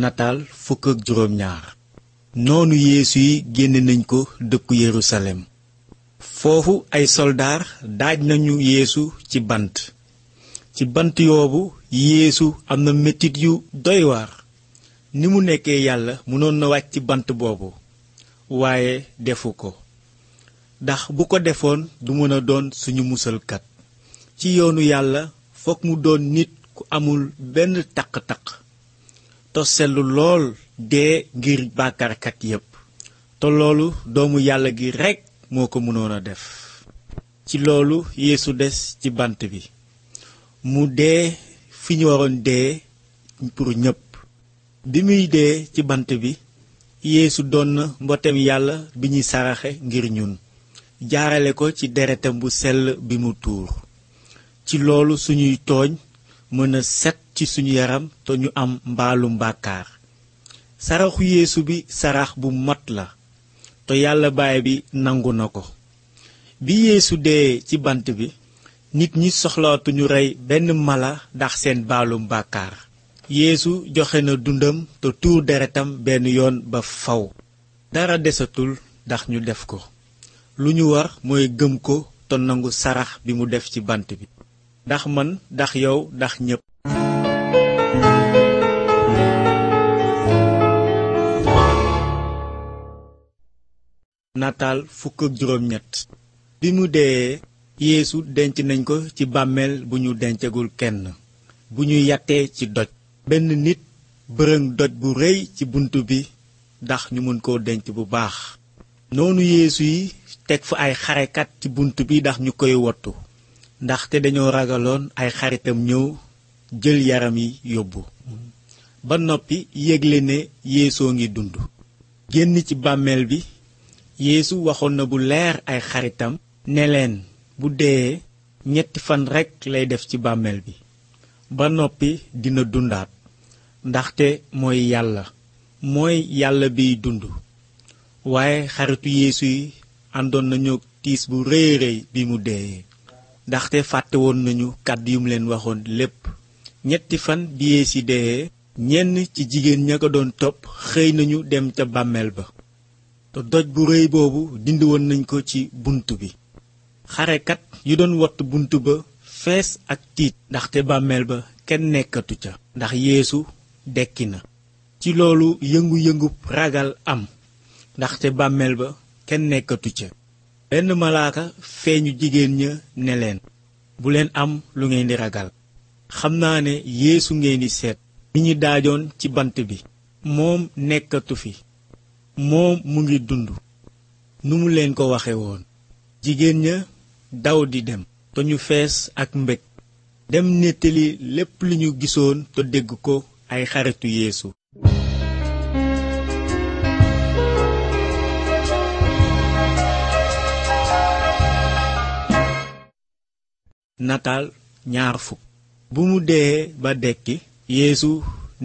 nataal fukk ak juróom noonu yeesu yi génne nañ ko dëkku yerusalem foofu ay soldaar daaj nañu yéesu ci bant ci bant yoobu yéesu am na metit yu doy waar ni mu nekkee yàlla mënoon na wàcc ci bant boobu waaye defu ko ndax bu ko defoon du mën a doon suñu musalkat ci yoonu yàlla foog mu doon nit ku amul benn taq-taq te sellu lool dee ngir bàkkaarkat yépp te loolu doomu yàlla gi rekk moo ko mënoon a def ci loolu yéesu des ci bant bi mu dee fi ñu waroon dee pour ñépp bi muy dee ci bant bi yéesu doon na mbotem yàlla bi ñuy saraxe ngir ñun jaarale ko ci deretam bu sell bi mu tuur ci loolu suñuy tooñ mën a set ci suñu yaram te ñu am mbaalum bàkkaar saraxu yeesu bi sarax bu mat la te yàlla baay bi nangu na ko bi yéesu dee ci bant bi nit ñi soxlaatuñu rey benn mala ndax seen baalum bàkkaar yéesu joxe na dundam te tuur deretam benn yoon ba faw dara desatul ndax ñu def ko lu ñu war mooy gëm ko te nangu sarax bi mu def ci bant bi ndax man ndax yow ndax ñépp nataal bi mu dee yéesu denc nañ ko ci bàmmeel bu ñu dencagul kenn bu ñu yattee ci doj benn nit bërëng doj bu rëy ci bunt bi ndax ñu mën koo denc bu baax noonu yeesu yi teg fu ay xarekat ci bunt bi ndax ñu koy wottu ndaxte dañoo ragaloon ay xaritam ñëw jël yaram yi yóbbu ba noppi yégle ne yéesoo ngi dund génn ci bàmmeel bi yéesu waxoon na bu leer ay xaritam ne leen bu dee ñetti fan rekk lay def ci bàmmeel bi ba noppi dina dundaat ndaxte mooy yàlla mooy yàlla biy dund waaye xaritu yéesu yi àndoon nañu tiis bu rëy rëy bi mu deeyee ndaxte fàtte woon nañu kàddu yum leen waxoon lépp ñetti fan bi Yeesu dee ñenn ci jigéen ña ko doon topp xëy nañu dem ca bàmmeel ba te doj bu rëy boobu dindi woon nañ ko ci bunt bi xarekat yu doon watt bunt ba fees ak tiit ndaxte bàmmeel ba kenn nekkatu ca ndax yéesu dekki na ci loolu yëngu-yëngub ragal am ndaxte bàmmeel ba kenn nekkatu ca benn malaaka feeñu jigéen ña ne leen bu leen am lu ngeen di ragal xam naa ne yéesu ngeen di seet mi ñu daajoon ci bant bi moom nekkatu fi moom mu ngi dund nu mu leen ko waxe woon jigéen ña daw di dem te ñu fees ak mbég dem nettali lépp li ñu gisoon te dégg ko ay xaritu yéesu nataal ñaar mu dee ba dekki yéesu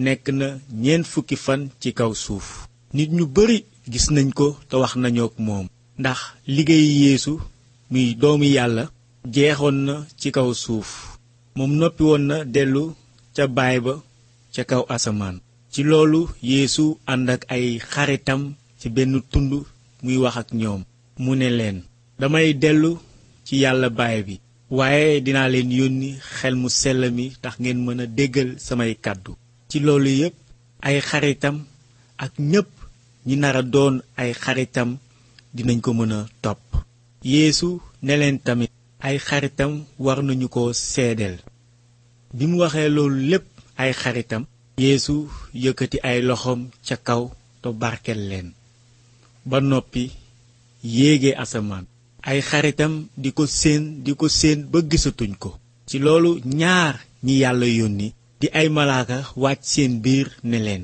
nekk na ñeent fukki fan ci kaw suuf nit ñu bari gis nañ ko te wax nañook moom ndax liggéey yéesu muy doomu yàlla jeexoon na ci kaw suuf moom noppi woon na dellu ca baay ba ca kaw asamaan ci loolu yéesu ànd ak ay xaritam ci benn tund muy wax ak ñoom mu ne leen damay dellu ci yàlla baay bi waaye dinaa leen yónni xel mu sell mi tax ngeen mën a déggal samay kàddu ci loolu yépp ay xaritam ak ñépp ñi nar a doon ay xaritam dinañ ko mën a topp yéesu ne leen tamit ay xaritam war nañu ko seedeel bi mu waxee loolu lépp ay xaritam yéesu yëkkati ay loxoom ca kaw te leen ba noppi yéege asamaan ay xaritam di ko séen di ko séen ba gisatuñ ko ci loolu ñaar ñi yàlla yónni di ay malaaka wàcc seen biir ne leen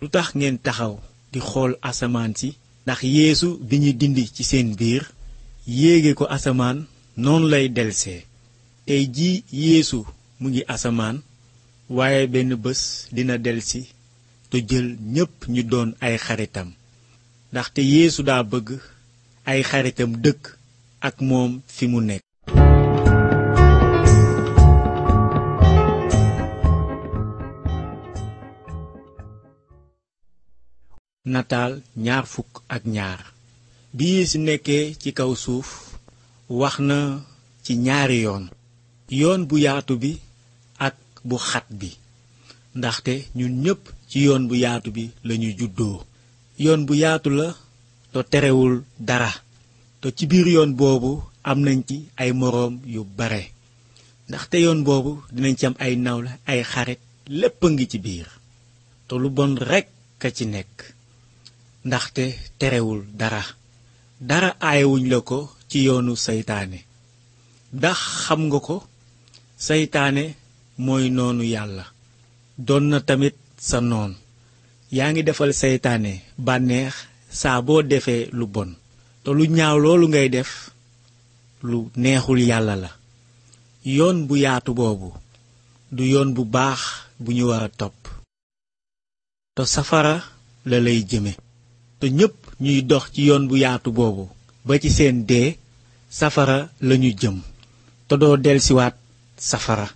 lu tax ngeen taxaw di xool asamaan si ndax yéesu bi ñu dindi ci seen biir yéege ko asamaan noonu lay delsee tey jii yeesu mu ngi asamaan waaye benn bés dina delsi te jël ñépp ñu doon ay xaritam ndaxte yeesu daa bëgg ay xaritam dëkk ak moom fi mu nekk nataal ñaar ak ñaar bi Yeesu nekkee ci kaw suuf wax na ci ñaari yoon yoon bu yaatu bi ak bu xat bi ndaxte ñun ñépp ci yoon bu yaatu bi lañu juddoo yoon bu yaatu la te terewul dara te ci biir yoon boobu am nañ ci ay moroom yu bare ndaxte yoon boobu dinañ ci am ay nawle ay xarit lépp a ngi ci biir te lu bon rekk a ci nekk ndaxte terewul dara dara aayewuñ la ko ci yoonu seytaane ndax xam nga ko seytaane mooy noonu yàlla doon na tamit sa noon yaa ngi defal seytaane bànneex saa boo defee lu bon te lu ñaaw loolu ngay def lu neexul yàlla la yoon bu yaatu boobu du yoon bu baax bu ñu wara topp te safara la lay jëme te ñépp ñuy dox ci yoon bu yaatu boobu ba ci seen dee safara lañu jëm te doo delsiwaat safara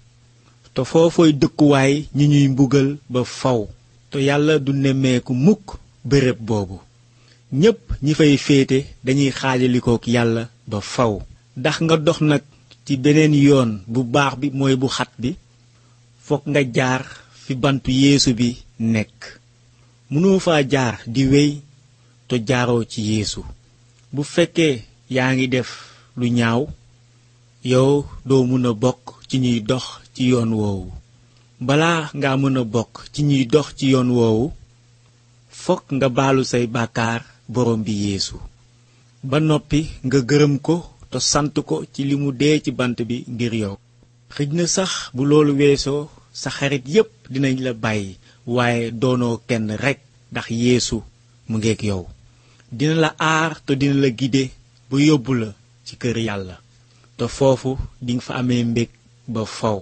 te foofooy dëkkuwaay ñi ñuy mbugal ba faw te yàlla du nemmeeku mukk bërëb boobu ñépp ñi fay féete dañuy xaajalikook yàlla ba faw ndax nga dox nag ci beneen yoon bu baax bi mooy bu xat bi fokk nga jaar fi bantu yeesu bi nekk mënoo faa jaar di wéy te jaaroo ci yéesu bu fekkee yaa ngi def lu ñaaw yow doo mën a bokk ci ñuy dox ci yoon woowu bala nga mën a bokk ci ñuy dox ci yoon woowu fokk nga baalu say bàkkaar borom bi yeesu ba noppi nga gërëm ko te sant ko ci li mu dee ci bant bi ngir yow xëj na sax bu loolu weesoo sa xarit yépp dinañ la bàyyi waaye doonoo kenn rekk ndax yéesu mu ngeeg yow dina la aar te dina la gide bu yóbbu la ci kër yàlla te foofu dinga fa amee mbég ba fow